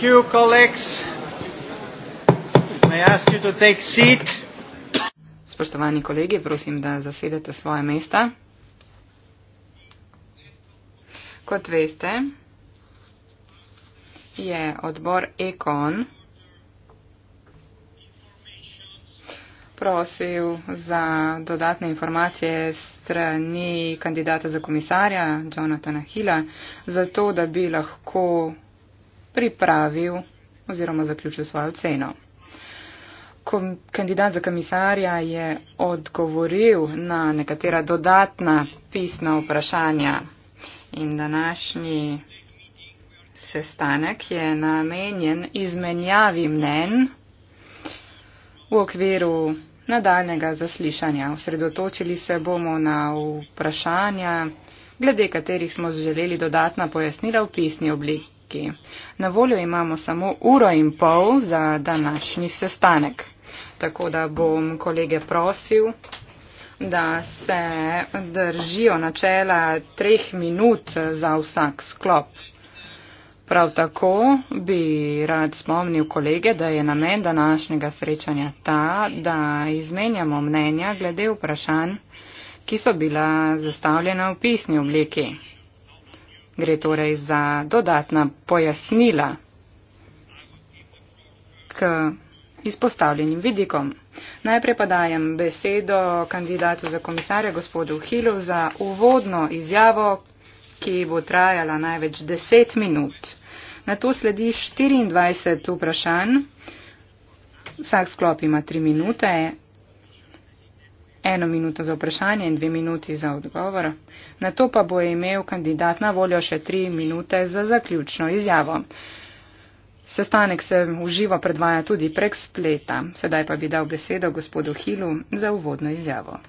you, colleagues. May I ask you to take seat? Spoštovani kolegi, prosim, da zasedete svoje mesta. Kot veste, je odbor Ekon prosil za dodatne informacije strani kandidata za komisarja Jonathana Hilla, zato da bi lahko pripravil oziroma zaključil svojo ceno. Kandidat za komisarja je odgovoril na nekatera dodatna pisna vprašanja in današnji sestanek je namenjen izmenjavi mnen v okviru nadaljnega zaslišanja. Osredotočili se bomo na vprašanja, glede katerih smo želeli dodatna pojasnila v pisni obliki. Ameriki. Na voljo imamo samo uro in pol za današnji sestanek. Tako da bom kolege prosil, da se držijo načela treh minut za vsak sklop. Prav tako bi rad spomnil kolege, da je namen današnjega srečanja ta, da izmenjamo mnenja glede vprašanj, ki so bila zastavljena v pisni obliki. Gre torej za dodatna pojasnila k izpostavljenim vidikom. Najprej pa dajem besedo kandidatu za komisarja gospodu Hilu za uvodno izjavo, ki bo trajala največ 10 minut. Na to sledi 24 vprašanj. Vsak sklop ima 3 minute, eno minuto za vprašanje in dve minuti za odgovor. Na to pa bo imel kandidat na voljo še tri minute za zaključno izjavo. Sestanek se uživo predvaja tudi prek spleta. Sedaj pa bi dal besedo gospodu Hilu za uvodno izjavo.